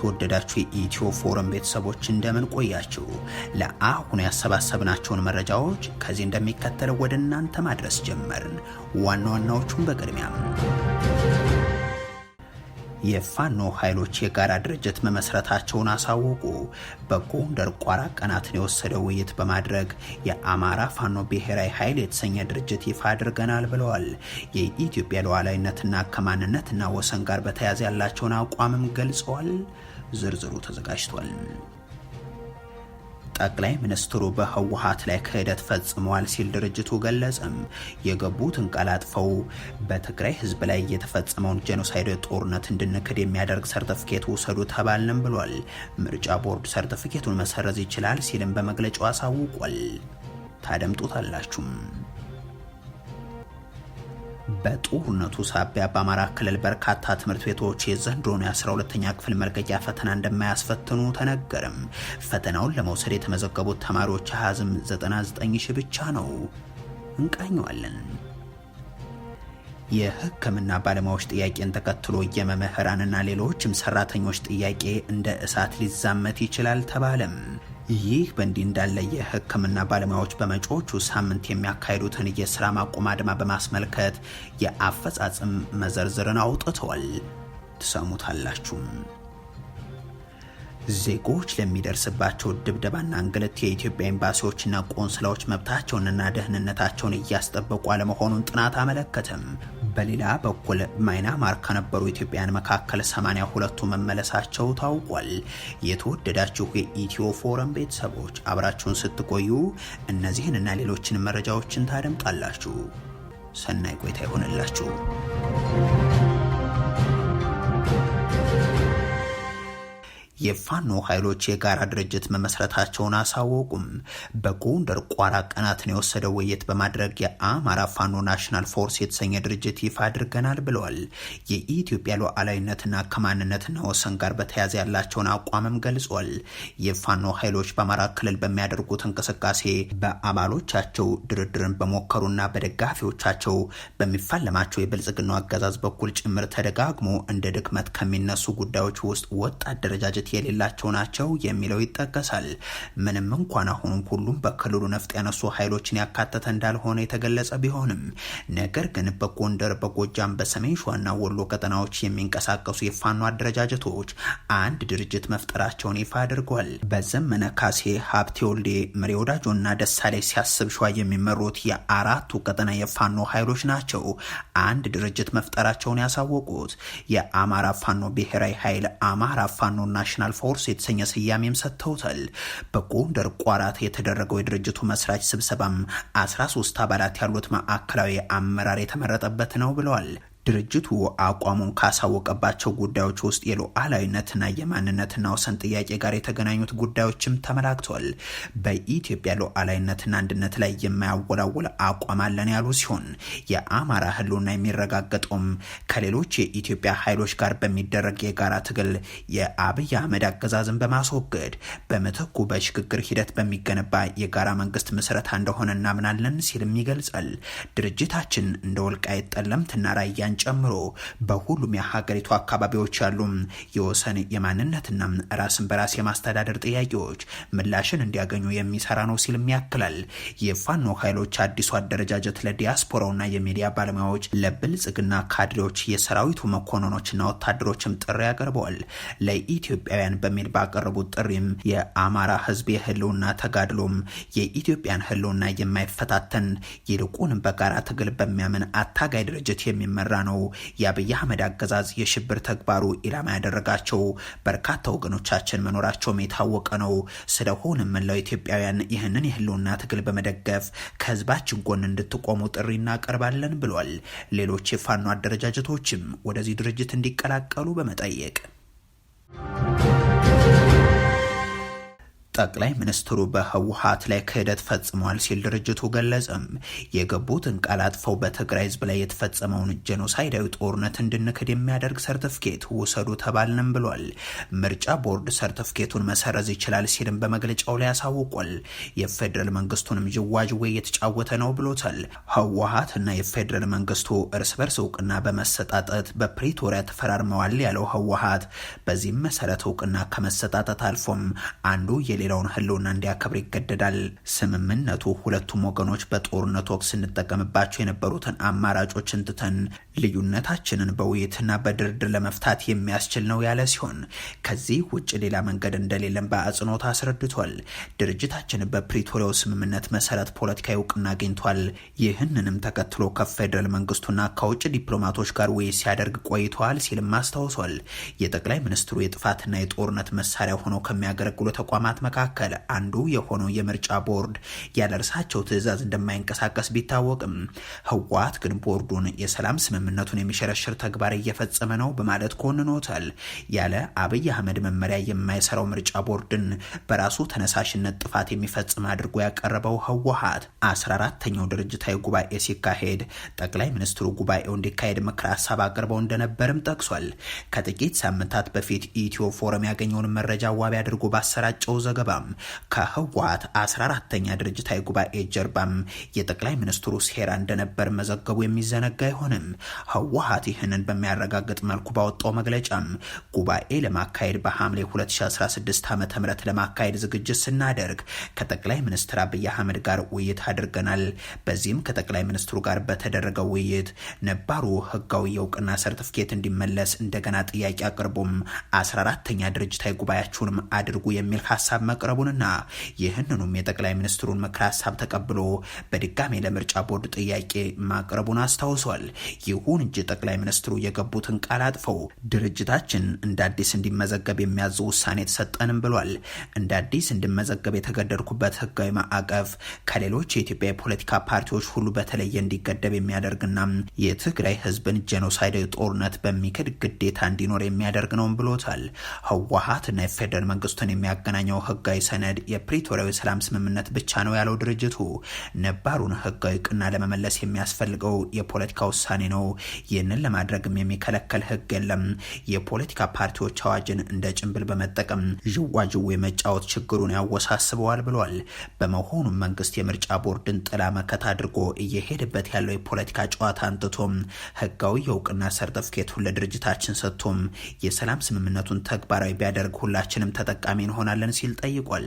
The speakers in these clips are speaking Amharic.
የተወደዳችሁ የኢትዮ ፎረም ቤተሰቦች እንደምን ቆያችሁ? ለአሁን ያሰባሰብናቸውን መረጃዎች ከዚህ እንደሚከተለው ወደ እናንተ ማድረስ ጀመርን። ዋና ዋናዎቹን በቅድሚያ የፋኖ ኃይሎች የጋራ ድርጅት መመስረታቸውን አሳወቁ። በጎንደር ቋራ ቀናትን የወሰደ ውይይት በማድረግ የአማራ ፋኖ ብሔራዊ ኃይል የተሰኘ ድርጅት ይፋ አድርገናል ብለዋል። የኢትዮጵያ ሉዓላዊነትና ከማንነትና ወሰን ጋር በተያያዘ ያላቸውን አቋምም ገልጸዋል። ዝርዝሩ ተዘጋጅቷል። ጠቅላይ ሚኒስትሩ በህወሀት ላይ ክህደት ፈጽመዋል ሲል ድርጅቱ ገለጸም። የገቡትን ቃል አጥፈው በትግራይ ህዝብ ላይ የተፈጸመውን ጄኖሳይድ ጦርነት እንድንክድ የሚያደርግ ሰርተፍኬት ውሰዱ ተባልንም ብሏል። ምርጫ ቦርድ ሰርተፍኬቱን መሰረዝ ይችላል ሲልም በመግለጫው አሳውቋል። ታደምጡታላችሁም። በጦርነቱ ሳቢያ በአማራ ክልል በርካታ ትምህርት ቤቶች የዘንድሮን የ12ኛ ክፍል መልቀቂያ ፈተና እንደማያስፈትኑ ተነገርም። ፈተናውን ለመውሰድ የተመዘገቡት ተማሪዎች አሃዝም 99 ሺህ ብቻ ነው። እንቃኘዋለን። የሕክምና ባለሙያዎች ጥያቄን ተከትሎ የመምህራንና ሌሎችም ሰራተኞች ጥያቄ እንደ እሳት ሊዛመት ይችላል ተባለም። ይህ በእንዲህ እንዳለ የሕክምና ባለሙያዎች በመጪዎቹ ሳምንት የሚያካሂዱትን የስራ ማቆም አድማ በማስመልከት የአፈጻጽም መዘርዝርን አውጥተዋል። ትሰሙታላችሁም። ዜጎች ለሚደርስባቸው ድብደባና እንግልት የኢትዮጵያ ኤምባሲዎችና ቆንስላዎች መብታቸውንና ደህንነታቸውን እያስጠበቁ አለመሆኑን ጥናት አመለከተም። በሌላ በኩል ማይናማር ከነበሩ ኢትዮጵያውያን መካከል 82ቱ መመለሳቸው ታውቋል። የተወደዳችሁ የኢትዮ ፎረም ቤተሰቦች አብራችሁን ስትቆዩ እነዚህን እና ሌሎችን መረጃዎችን ታደምጣላችሁ። ሰናይ ቆይታ ይሆንላችሁ። የፋኖ ኃይሎች የጋራ ድርጅት መመስረታቸውን አሳወቁም። በጎንደር ቋራ ቀናትን የወሰደው ውይይት በማድረግ የአማራ ፋኖ ናሽናል ፎርስ የተሰኘ ድርጅት ይፋ አድርገናል ብለዋል። የኢትዮጵያ ሉዓላዊነትና ከማንነትና ወሰን ጋር በተያያዘ ያላቸውን አቋምም ገልጿል። የፋኖ ኃይሎች በአማራ ክልል በሚያደርጉት እንቅስቃሴ በአባሎቻቸው ድርድርን በሞከሩና በደጋፊዎቻቸው በሚፋለማቸው የብልጽግናው አገዛዝ በኩል ጭምር ተደጋግሞ እንደ ድክመት ከሚነሱ ጉዳዮች ውስጥ ወጣት ደረጃጀት የሌላቸው ናቸው የሚለው ይጠቀሳል። ምንም እንኳን አሁንም ሁሉም በክልሉ ነፍጥ ያነሱ ኃይሎችን ያካተተ እንዳልሆነ የተገለጸ ቢሆንም ነገር ግን በጎንደር፣ በጎጃም፣ በሰሜን ሸዋና ወሎ ቀጠናዎች የሚንቀሳቀሱ የፋኖ አደረጃጀቶች አንድ ድርጅት መፍጠራቸውን ይፋ አድርጓል። በዘመነ ካሴ፣ ሀብቴ ወልዴ፣ መሪ ወዳጆና ደሳሌ ሲያስብ ሸዋ የሚመሩት የአራቱ ቀጠና የፋኖ ኃይሎች ናቸው አንድ ድርጅት መፍጠራቸውን ያሳወቁት የአማራ ፋኖ ብሔራዊ ኃይል አማራ ፋኖ ናሽናል ኢንተርናሽናል ፎርስ የተሰኘ ስያሜም ሰጥተውታል። በጎንደር ቋራት የተደረገው የድርጅቱ መስራች ስብሰባም 13 አባላት ያሉት ማዕከላዊ አመራር የተመረጠበት ነው ብለዋል። ድርጅቱ አቋሙን ካሳወቀባቸው ጉዳዮች ውስጥ የሉዓላዊነትና የማንነትና ወሰን ጥያቄ ጋር የተገናኙት ጉዳዮችም ተመላክቷል። በኢትዮጵያ ሉዓላዊነትና አንድነት ላይ የማያወላወል አቋም አለን ያሉ ሲሆን የአማራ ሕልውና የሚረጋገጠውም ከሌሎች የኢትዮጵያ ኃይሎች ጋር በሚደረግ የጋራ ትግል የአብይ አህመድ አገዛዝን በማስወገድ በምትኩ በሽግግር ሂደት በሚገነባ የጋራ መንግስት ምስረታ እንደሆነ እናምናለን ሲልም ይገልጻል። ድርጅታችን እንደ ወልቃይት ጠለምትና ራያ ኢትዮጵያን ጨምሮ በሁሉም የሀገሪቱ አካባቢዎች ያሉ የወሰን የማንነትና ራስን በራስ የማስተዳደር ጥያቄዎች ምላሽን እንዲያገኙ የሚሰራ ነው ሲልም ያክላል። የፋኖ ኃይሎች አዲሱ አደረጃጀት ለዲያስፖራውና የሚዲያ ባለሙያዎች፣ ለብልጽግና ካድሬዎች፣ የሰራዊቱ መኮንኖችና ወታደሮችም ጥሪ ያቀርበዋል። ለኢትዮጵያውያን በሚል ባቀረቡት ጥሪም የአማራ ህዝብ የህልውና ተጋድሎም የኢትዮጵያን ህልውና የማይፈታተን ይልቁን በጋራ ትግል በሚያምን አታጋይ ድርጅት የሚመራ ነው የአብይ አህመድ አገዛዝ የሽብር ተግባሩ ኢላማ ያደረጋቸው በርካታ ወገኖቻችን መኖራቸውም የታወቀ ነው። ስለሆነም መላው ኢትዮጵያውያን ይህንን የህልውና ትግል በመደገፍ ከህዝባችን ጎን እንድትቆሙ ጥሪ እናቀርባለን ብሏል። ሌሎች የፋኖ አደረጃጀቶችም ወደዚህ ድርጅት እንዲቀላቀሉ በመጠየቅ ጠቅላይ ሚኒስትሩ በህወሀት ላይ ክህደት ፈጽመዋል ሲል ድርጅቱ ገለጸም። የገቡትን ቃል አጥፈው በትግራይ ህዝብ ላይ የተፈጸመውን ጀኖሳይዳዊ ጦርነት እንድንክድ የሚያደርግ ሰርቲፊኬት ውሰዱ ተባልንም ብሏል። ምርጫ ቦርድ ሰርቲፊኬቱን መሰረዝ ይችላል ሲልም በመግለጫው ላይ አሳውቋል። የፌዴራል መንግስቱንም ዥዋዥዌ እየተጫወተ ነው ብሎታል። ህወሀት እና የፌዴራል መንግስቱ እርስ በርስ እውቅና በመሰጣጠት በፕሪቶሪያ ተፈራርመዋል ያለው ህወሀት በዚህም መሰረት እውቅና ከመሰጣጠት አልፎም አንዱ የሌ የሚለውን ህልውና እንዲያከብር ይገደዳል። ስምምነቱ ሁለቱም ወገኖች በጦርነቱ ወቅት ስንጠቀምባቸው የነበሩትን አማራጮች እንትተን ልዩነታችንን በውይይትና በድርድር ለመፍታት የሚያስችል ነው ያለ ሲሆን ከዚህ ውጭ ሌላ መንገድ እንደሌለም በአጽንኦት አስረድቷል። ድርጅታችን በፕሪቶሪያው ስምምነት መሰረት ፖለቲካዊ እውቅና አግኝቷል። ይህንንም ተከትሎ ከፌዴራል መንግስቱና ከውጭ ዲፕሎማቶች ጋር ውይይት ሲያደርግ ቆይተዋል ሲልም አስታውሷል። የጠቅላይ ሚኒስትሩ የጥፋትና የጦርነት መሳሪያ ሆነው ከሚያገለግሉ ተቋማት መካከል መካከል አንዱ የሆነው የምርጫ ቦርድ ያለርሳቸው ትዕዛዝ እንደማይንቀሳቀስ ቢታወቅም ህወሓት ግን ቦርዱን የሰላም ስምምነቱን የሚሸረሽር ተግባር እየፈጸመ ነው በማለት ኮንኖታል። ያለ አብይ አህመድ መመሪያ የማይሰራው ምርጫ ቦርድን በራሱ ተነሳሽነት ጥፋት የሚፈጽም አድርጎ ያቀረበው ህወሓት አስራ አራተኛው ድርጅታዊ ጉባኤ ሲካሄድ ጠቅላይ ሚኒስትሩ ጉባኤው እንዲካሄድ ምክር ሀሳብ አቅርበው እንደነበርም ጠቅሷል። ከጥቂት ሳምንታት በፊት ኢትዮ ፎረም ያገኘውን መረጃ ዋቢ አድርጎ ባሰራጨው ዘገ ዘገባም ከህወሀት 14ተኛ ድርጅታዊ ጉባኤ ጀርባም የጠቅላይ ሚኒስትሩ ሴራ እንደነበር መዘገቡ የሚዘነጋ አይሆንም። ህወሀት ይህንን በሚያረጋግጥ መልኩ ባወጣው መግለጫም ጉባኤ ለማካሄድ በሐምሌ 2016 ዓ ም ለማካሄድ ዝግጅት ስናደርግ ከጠቅላይ ሚኒስትር አብይ አህመድ ጋር ውይይት አድርገናል። በዚህም ከጠቅላይ ሚኒስትሩ ጋር በተደረገው ውይይት ነባሩ ህጋዊ የእውቅና ሰርቲፊኬት እንዲመለስ እንደገና ጥያቄ አቅርቡም 14ተኛ ድርጅታዊ ጉባኤያችሁንም አድርጉ የሚል ሀሳብ መቅረቡንና ይህንኑም የጠቅላይ ሚኒስትሩን ምክረ ሀሳብ ተቀብሎ በድጋሜ ለምርጫ ቦርድ ጥያቄ ማቅረቡን አስታውሷል። ይሁን እንጂ ጠቅላይ ሚኒስትሩ የገቡትን ቃል አጥፈው ድርጅታችን እንደ አዲስ እንዲመዘገብ የሚያዙ ውሳኔ የተሰጠንም ብሏል። እንደ አዲስ እንዲመዘገብ የተገደድኩበት ህጋዊ ማዕቀፍ ከሌሎች የኢትዮጵያ የፖለቲካ ፓርቲዎች ሁሉ በተለየ እንዲገደብ የሚያደርግና የትግራይ ህዝብን ጄኖሳይዳዊ ጦርነት በሚክድ ግዴታ እንዲኖር የሚያደርግ ነውም ብሎታል። ህወሀትና የፌደራል መንግስቱን የሚያገናኘው ህጋዊ ሰነድ የፕሪቶሪያው የሰላም ስምምነት ብቻ ነው ያለው ድርጅቱ ነባሩን ህጋዊ ቅና ለመመለስ የሚያስፈልገው የፖለቲካ ውሳኔ ነው። ይህንን ለማድረግም የሚከለከል ህግ የለም። የፖለቲካ ፓርቲዎች አዋጅን እንደ ጭንብል በመጠቀም ዥዋዥዌ መጫወት ችግሩን ያወሳስበዋል ብሏል። በመሆኑም መንግስት የምርጫ ቦርድን ጥላ መከት አድርጎ እየሄደበት ያለው የፖለቲካ ጨዋታ አንጥቶም ህጋዊ የእውቅና ሰርተፍኬቱን ለድርጅታችን ሰጥቶም የሰላም ስምምነቱን ተግባራዊ ቢያደርግ ሁላችንም ተጠቃሚ እንሆናለን ሲል ጠ ጠይቋል።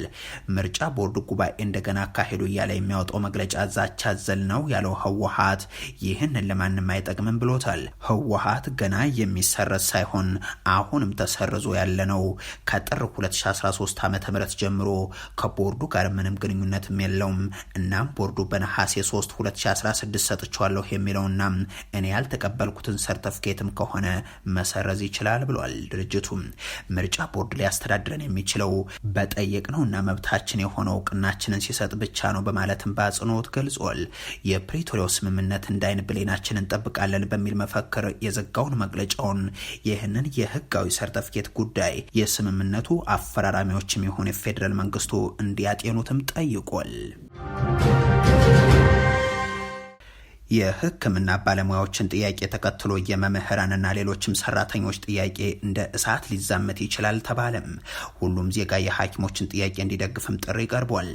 ምርጫ ቦርድ ጉባኤ እንደገና አካሄዱ እያለ የሚያወጣው መግለጫ ዛቻ ዘል ነው ያለው ህወሀት ይህንን ለማንም አይጠቅምም ብሎታል። ህወሀት ገና የሚሰረዝ ሳይሆን አሁንም ተሰርዞ ያለ ነው። ከጥር 2013 ዓ ም ጀምሮ ከቦርዱ ጋር ምንም ግንኙነትም የለውም። እናም ቦርዱ በነሐሴ 3 2016 ሰጥቸዋለሁ የሚለውና እኔ ያልተቀበልኩትን ሰርተፍኬትም ከሆነ መሰረዝ ይችላል ብሏል። ድርጅቱም ምርጫ ቦርድ ሊያስተዳድረን የሚችለው በጠይ እና መብታችን የሆነው እውቅናችንን ሲሰጥ ብቻ ነው በማለትም በአጽንኦት ገልጿል። የፕሪቶሪያው ስምምነት እንዳይን ብሌናችን እንጠብቃለን በሚል መፈክር የዘጋውን መግለጫውን ይህንን የህጋዊ ሰርተፍኬት ጉዳይ የስምምነቱ አፈራራሚዎችም የሆነ የፌዴራል መንግስቱ እንዲያጤኑትም ጠይቋል። የሕክምና ባለሙያዎችን ጥያቄ ተከትሎ የመምህራንና ሌሎችም ሰራተኞች ጥያቄ እንደ እሳት ሊዛመት ይችላል ተባለም። ሁሉም ዜጋ የሐኪሞችን ጥያቄ እንዲደግፍም ጥሪ ቀርቧል።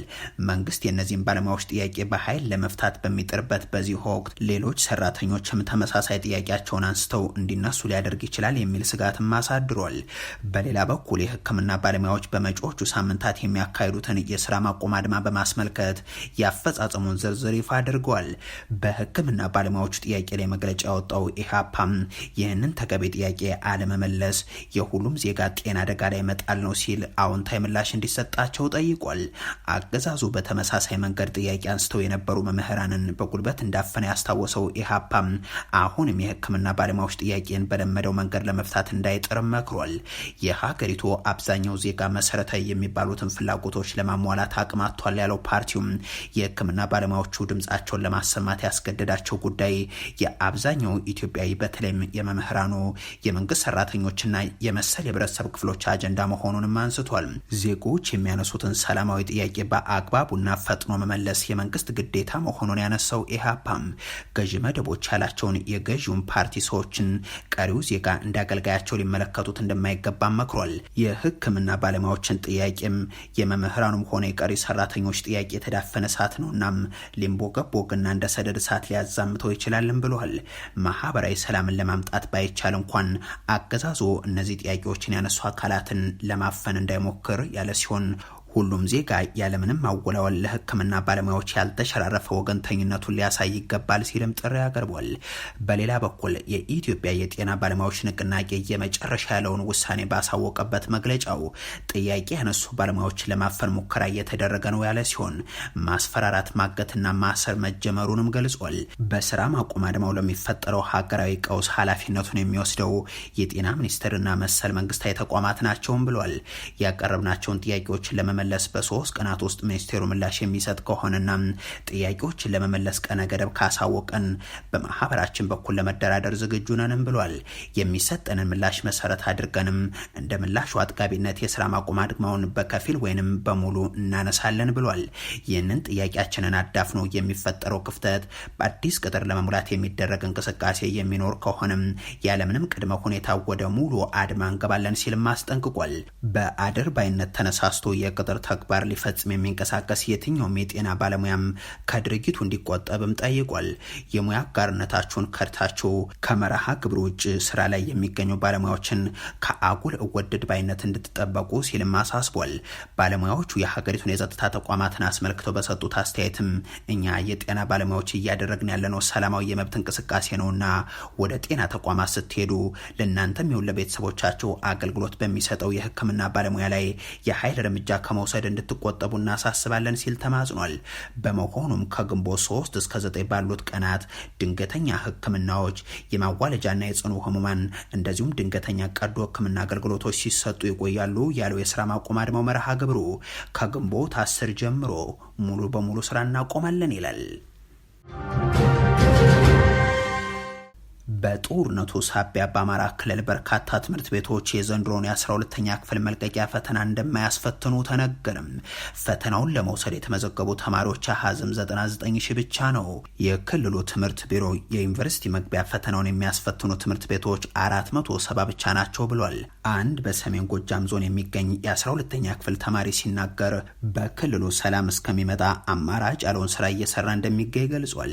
መንግስት የእነዚህም ባለሙያዎች ጥያቄ በኃይል ለመፍታት በሚጥርበት በዚህ ወቅት ሌሎች ሰራተኞችም ተመሳሳይ ጥያቄያቸውን አንስተው እንዲነሱ ሊያደርግ ይችላል የሚል ስጋትም አሳድሯል። በሌላ በኩል የሕክምና ባለሙያዎች በመጪዎቹ ሳምንታት የሚያካሂዱትን የስራ ማቆም አድማ በማስመልከት የአፈጻጸሙን ዝርዝር ይፋ አድርገዋል። በህክም የህክምና ባለሙያዎቹ ጥያቄ ላይ መግለጫ ያወጣው ኢህአፓም ይህንን ተገቢ ጥያቄ አለመመለስ የሁሉም ዜጋ ጤና አደጋ ላይ መጣል ነው ሲል አዎንታዊ ምላሽ እንዲሰጣቸው ጠይቋል። አገዛዙ በተመሳሳይ መንገድ ጥያቄ አንስተው የነበሩ መምህራንን በጉልበት እንዳፈነ ያስታወሰው ኢህአፓም አሁንም የህክምና ባለሙያዎች ጥያቄን በለመደው መንገድ ለመፍታት እንዳይጥር መክሯል። የሀገሪቱ አብዛኛው ዜጋ መሰረታዊ የሚባሉትን ፍላጎቶች ለማሟላት አቅም አጥቷል ያለው ፓርቲውም የህክምና ባለሙያዎቹ ድምጻቸውን ለማሰማት ያስገደዳል ያላቸው ጉዳይ የአብዛኛው ኢትዮጵያዊ በተለይም የመምህራኑ የመንግስት ሰራተኞችና የመሰል የህብረተሰብ ክፍሎች አጀንዳ መሆኑንም አንስቷል። ዜጎች የሚያነሱትን ሰላማዊ ጥያቄ በአግባቡና ፈጥኖ መመለስ የመንግስት ግዴታ መሆኑን ያነሳው ኢህአፓም ገዢ መደቦች ያላቸውን የገዢውን ፓርቲ ሰዎችን ቀሪው ዜጋ እንደ አገልጋያቸው ሊመለከቱት እንደማይገባ መክሯል። የህክምና ባለሙያዎችን ጥያቄም የመምህራኑም ሆነ የቀሪ ሰራተኞች ጥያቄ የተዳፈነ እሳት ነው። እናም ሊምቦ ገቦግና እንደ ሰደድ እሳት ያ ሊያዛምተው ይችላልን ብለዋል። ማህበራዊ ሰላምን ለማምጣት ባይቻል እንኳን አገዛዙ እነዚህ ጥያቄዎችን ያነሱ አካላትን ለማፈን እንዳይሞክር ያለ ሲሆን ሁሉም ዜጋ ያለምንም ማወላወል ለሕክምና ባለሙያዎች ያልተሸራረፈ ወገንተኝነቱን ሊያሳይ ይገባል ሲልም ጥሪ አቅርቧል። በሌላ በኩል የኢትዮጵያ የጤና ባለሙያዎች ንቅናቄ የመጨረሻ ያለውን ውሳኔ ባሳወቀበት መግለጫው ጥያቄ ያነሱ ባለሙያዎች ለማፈን ሙከራ እየተደረገ ነው ያለ ሲሆን ማስፈራራት፣ ማገትና ማሰር መጀመሩንም ገልጿል። በስራ ማቆም አድማው ለሚፈጠረው ሀገራዊ ቀውስ ኃላፊነቱን የሚወስደው የጤና ሚኒስቴርና መሰል መንግስታዊ ተቋማት ናቸውም ብሏል። ያቀረብናቸውን ጥያቄዎች ለመ ለመመለስ በሶስት ቀናት ውስጥ ሚኒስቴሩ ምላሽ የሚሰጥ ከሆነና ጥያቄዎችን ለመመለስ ቀነ ገደብ ካሳወቀን በማህበራችን በኩል ለመደራደር ዝግጁ ነንም ብሏል። የሚሰጠንን ምላሽ መሰረት አድርገንም እንደ ምላሹ አጥጋቢነት የስራ ማቆም አድማውን በከፊል ወይንም በሙሉ እናነሳለን ብሏል። ይህንን ጥያቄያችንን አዳፍኖ የሚፈጠረው ክፍተት በአዲስ ቅጥር ለመሙላት የሚደረግ እንቅስቃሴ የሚኖር ከሆነም ያለምንም ቅድመ ሁኔታ ወደ ሙሉ አድማ እንገባለን ሲልም አስጠንቅቋል። በአድር ባይነት ተነሳስቶ የቅጥ የመቆጣጠር ተግባር ሊፈጽም የሚንቀሳቀስ የትኛውም የጤና ባለሙያም ከድርጊቱ እንዲቆጠብም ጠይቋል። የሙያ አጋርነታችሁን ከድታችሁ ከመርሃ ግብር ውጭ ስራ ላይ የሚገኙ ባለሙያዎችን ከአጉል እወደድ ባይነት እንድትጠበቁ ሲልም አሳስቧል። ባለሙያዎቹ የሀገሪቱን የጸጥታ ተቋማትን አስመልክተው በሰጡት አስተያየትም እኛ የጤና ባለሙያዎች እያደረግን ያለነው ሰላማዊ የመብት እንቅስቃሴ ነውና ወደ ጤና ተቋማት ስትሄዱ ለእናንተም ይሁን ለቤተሰቦቻቸው አገልግሎት በሚሰጠው የሕክምና ባለሙያ ላይ የኃይል እርምጃ ከመ ከመውሰድ እንድትቆጠቡ እናሳስባለን ሲል ተማጽኗል። በመሆኑም ከግንቦት 3 እስከ 9 ባሉት ቀናት ድንገተኛ ህክምናዎች፣ የማዋለጃና የጽኑ ህሙማን እንደዚሁም ድንገተኛ ቀዶ ህክምና አገልግሎቶች ሲሰጡ ይቆያሉ ያለው የስራ ማቆም አድማው መርሃ ግብሩ ከግንቦት 10 ጀምሮ ሙሉ በሙሉ ስራ እናቆማለን ይላል። በጦርነቱ ሳቢያ በአማራ ክልል በርካታ ትምህርት ቤቶች የዘንድሮን የ12ተኛ ክፍል መልቀቂያ ፈተና እንደማያስፈትኑ ተነገርም። ፈተናውን ለመውሰድ የተመዘገቡ ተማሪዎች አሃዝም 99 ሺህ ብቻ ነው። የክልሉ ትምህርት ቢሮ የዩኒቨርሲቲ መግቢያ ፈተናውን የሚያስፈትኑ ትምህርት ቤቶች 470 ብቻ ናቸው ብሏል። አንድ በሰሜን ጎጃም ዞን የሚገኝ የ12ተኛ ክፍል ተማሪ ሲናገር በክልሉ ሰላም እስከሚመጣ አማራጭ ያለውን ስራ እየሰራ እንደሚገኝ ገልጿል።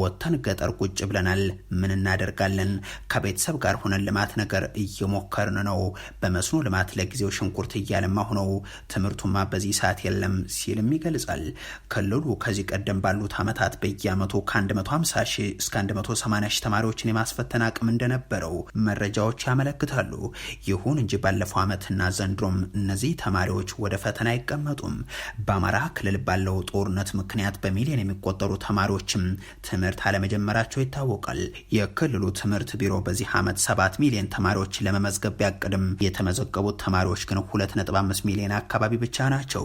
ወጥተን ገጠር ቁጭ ብለናል ምን እናደርጋል እናደርጋለን። ከቤተሰብ ጋር ሆነን ልማት ነገር እየሞከርን ነው። በመስኖ ልማት ለጊዜው ሽንኩርት እያለማ ሆነው ትምህርቱማ በዚህ ሰዓት የለም ሲልም ይገልጻል። ክልሉ ከዚህ ቀደም ባሉት ዓመታት በየዓመቱ ከ150 ሺህ እስከ 180 ሺህ ተማሪዎችን የማስፈተን አቅም እንደነበረው መረጃዎች ያመለክታሉ። ይሁን እንጂ ባለፈው ዓመትና ዘንድሮም እነዚህ ተማሪዎች ወደ ፈተና አይቀመጡም። በአማራ ክልል ባለው ጦርነት ምክንያት በሚሊዮን የሚቆጠሩ ተማሪዎችም ትምህርት አለመጀመራቸው ይታወቃል። የክልሉ ትምህርት ቢሮ በዚህ ዓመት 7 ሚሊዮን ተማሪዎች ለመመዝገብ ቢያቅድም የተመዘገቡት ተማሪዎች ግን 2.5 ሚሊዮን አካባቢ ብቻ ናቸው።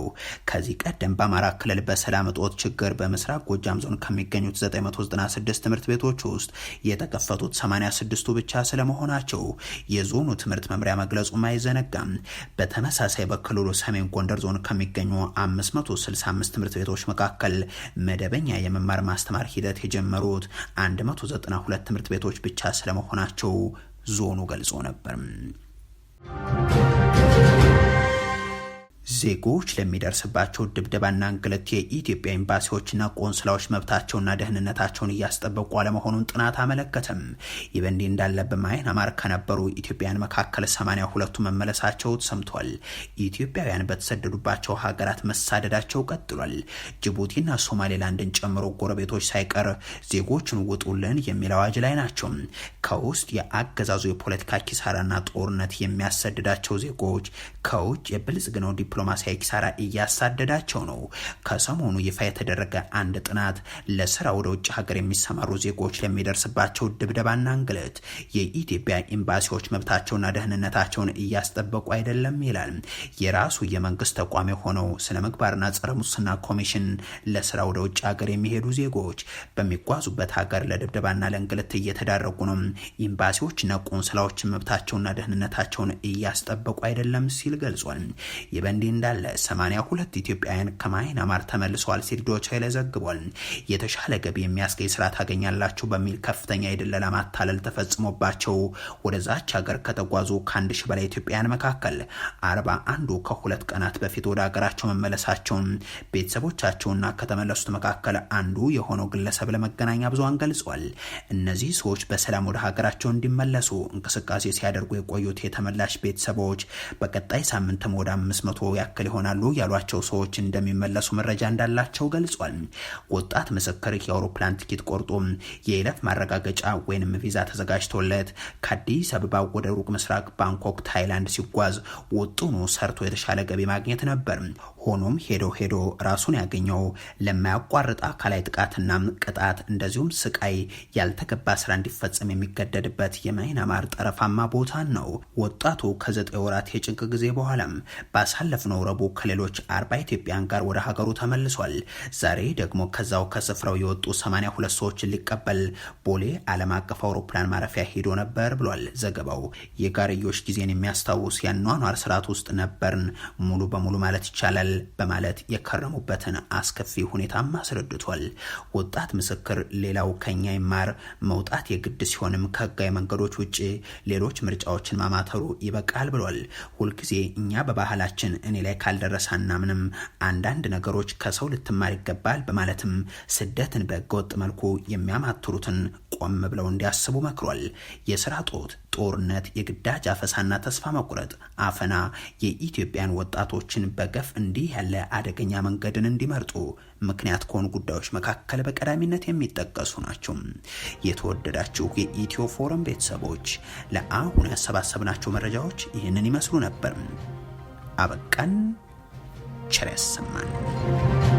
ከዚህ ቀደም በአማራ ክልል በሰላም እጦት ችግር በምስራቅ ጎጃም ዞን ከሚገኙት 996 ትምህርት ቤቶች ውስጥ የተከፈቱት 86ቱ ብቻ ስለመሆናቸው የዞኑ ትምህርት መምሪያ መግለጹም አይዘነጋም። በተመሳሳይ በክልሉ ሰሜን ጎንደር ዞን ከሚገኙ 565 ትምህርት ቤቶች መካከል መደበኛ የመማር ማስተማር ሂደት የጀመሩት 192 ትምህርት ቤቶች ብቻ ብቻ ስለመሆናቸው ዞኑ ገልጾ ነበር። ዜጎች ለሚደርስባቸው ድብደባና እንግልት የኢትዮጵያ ኤምባሲዎችና ቆንስላዎች መብታቸውና ደህንነታቸውን እያስጠበቁ አለመሆኑን ጥናት አመለከትም። ይህ በእንዲህ እንዳለ በማይናማር ከነበሩ ኢትዮጵያውያን መካከል ሰማንያ ሁለቱ መመለሳቸው ሰምቷል። ኢትዮጵያውያን በተሰደዱባቸው ሀገራት መሳደዳቸው ቀጥሏል። ጅቡቲና ሶማሌላንድን ጨምሮ ጎረቤቶች ሳይቀር ዜጎችን ውጡልን የሚል አዋጅ ላይ ናቸው። ከውስጥ የአገዛዙ የፖለቲካ ኪሳራና ጦርነት የሚያሰድዳቸው ዜጎች ከውጭ የብልጽግናው ዲፕሎ ዲፕሎማሲያዊ ኪሳራ እያሳደዳቸው ነው። ከሰሞኑ ይፋ የተደረገ አንድ ጥናት ለስራ ወደ ውጭ ሀገር የሚሰማሩ ዜጎች ለሚደርስባቸው ድብደባና እንግልት የኢትዮጵያ ኤምባሲዎች መብታቸውና ደህንነታቸውን እያስጠበቁ አይደለም ይላል። የራሱ የመንግስት ተቋም የሆነው ስነ ምግባርና ጸረ ሙስና ኮሚሽን ለስራ ወደ ውጭ ሀገር የሚሄዱ ዜጎች በሚጓዙበት ሀገር ለድብደባና ለእንግልት እየተዳረጉ ነው፣ ኤምባሲዎችና ቆንስላዎች መብታቸውና ደህንነታቸውን እያስጠበቁ አይደለም ሲል ገልጿል። ይህ በእንዲህ እንዳለ 82 ኢትዮጵያውያን ከማይናማር ተመልሰዋል ሲል ዶቼ ዘግቧል። የተሻለ ገቢ የሚያስገኝ ስራ ታገኛላችሁ በሚል ከፍተኛ የድለላ ማታለል ተፈጽሞባቸው ወደዛች ሀገር ከተጓዙ ከአንድ ሺህ በላይ ኢትዮጵያውያን መካከል አርባ አንዱ ከሁለት ቀናት በፊት ወደ ሀገራቸው መመለሳቸውን ቤተሰቦቻቸውና ከተመለሱት መካከል አንዱ የሆነው ግለሰብ ለመገናኛ ብዙሃን ገልጿል። እነዚህ ሰዎች በሰላም ወደ ሀገራቸው እንዲመለሱ እንቅስቃሴ ሲያደርጉ የቆዩት የተመላሽ ቤተሰቦች በቀጣይ ሳምንትም ወደ አምስት መቶ ያክል ይሆናሉ ያሏቸው ሰዎች እንደሚመለሱ መረጃ እንዳላቸው ገልጿል። ወጣት ምስክር የአውሮፕላን ትኬት ቆርጦ የይለፍ ማረጋገጫ ወይንም ቪዛ ተዘጋጅቶለት ከአዲስ አበባ ወደ ሩቅ ምስራቅ ባንኮክ ታይላንድ ሲጓዝ ወጡኑ ሰርቶ የተሻለ ገቢ ማግኘት ነበር። ሆኖም ሄዶ ሄዶ ራሱን ያገኘው ለማያቋርጥ አካላዊ ጥቃትና ቅጣት እንደዚሁም ስቃይ ያልተገባ ስራ እንዲፈጸም የሚገደድበት የማይናማር ጠረፋማ ቦታ ነው። ወጣቱ ከዘጠኝ ወራት የጭንቅ ጊዜ በኋላም ባሳለፍነው ረቡዕ ከሌሎች አርባ ኢትዮጵያን ጋር ወደ ሀገሩ ተመልሷል። ዛሬ ደግሞ ከዛው ከስፍራው የወጡ ሁለት ሰዎችን ሊቀበል ቦሌ ዓለም አቀፍ አውሮፕላን ማረፊያ ሄዶ ነበር ብሏል ዘገባው። የጋርዮሽ ጊዜን የሚያስታውስ የአኗኗር ስርዓት ውስጥ ነበርን ሙሉ በሙሉ ማለት ይቻላል። በማለት የከረሙበትን አስከፊ ሁኔታም አስረድቷል። ወጣት ምስክር ሌላው ከኛ ይማር መውጣት የግድ ሲሆንም ከህጋዊ መንገዶች ውጭ ሌሎች ምርጫዎችን ማማተሩ ይበቃል ብሏል። ሁልጊዜ እኛ በባህላችን እኔ ላይ ካልደረሳና ምንም አንዳንድ ነገሮች ከሰው ልትማር ይገባል በማለትም ስደትን በህገወጥ መልኩ የሚያማትሩትን ቆም ብለው እንዲያስቡ መክሯል። የስራ ጦት ጦርነት፣ የግዳጅ አፈሳና ተስፋ መቁረጥ፣ አፈና የኢትዮጵያን ወጣቶችን በገፍ እንዲህ ያለ አደገኛ መንገድን እንዲመርጡ ምክንያት ከሆኑ ጉዳዮች መካከል በቀዳሚነት የሚጠቀሱ ናቸው። የተወደዳችሁ የኢትዮ ፎረም ቤተሰቦች ለአሁን ያሰባሰብናቸው መረጃዎች ይህንን ይመስሉ ነበር። አበቃን። ቸር ያሰማን።